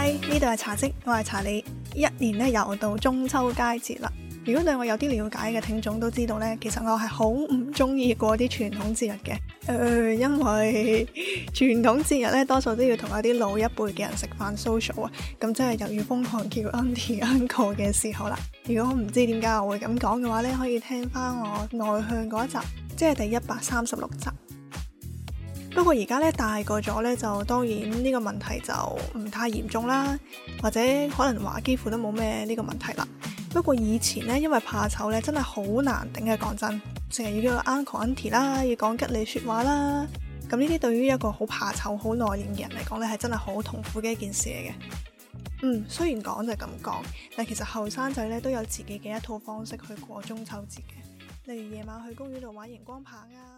Hi，呢度係茶嘖，我係茶李。一年咧又到中秋佳節啦。如果對我有啲了解嘅聽眾都知道咧，其實我係好唔中意過啲傳統節日嘅。誒、呃，因為傳統節日咧，多數都要同嗰啲老一輩嘅人食飯 social 啊，咁真係又要瘋狂叫 Aunty uncle 嘅時候啦。如果我唔知點解我會咁講嘅話咧，可以聽翻我內向嗰集，即係第一百三十六集。不過而家咧大個咗咧，就當然呢個問題就唔太嚴重啦，或者可能話幾乎都冇咩呢個問題啦。不過以前咧，因為怕醜咧，真係好難頂嘅，講真，成日要叫阿 Uncle Auntie 啦，要講吉利説話啦，咁呢啲對於一個好怕醜、好內向嘅人嚟講咧，係真係好痛苦嘅一件事嚟嘅。嗯，雖然講就係咁講，但其實後生仔咧都有自己嘅一套方式去過中秋節嘅，例如夜晚去公園度玩熒光棒啊。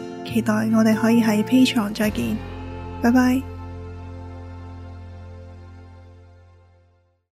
期待我哋可以喺 Patreon 再見，拜拜。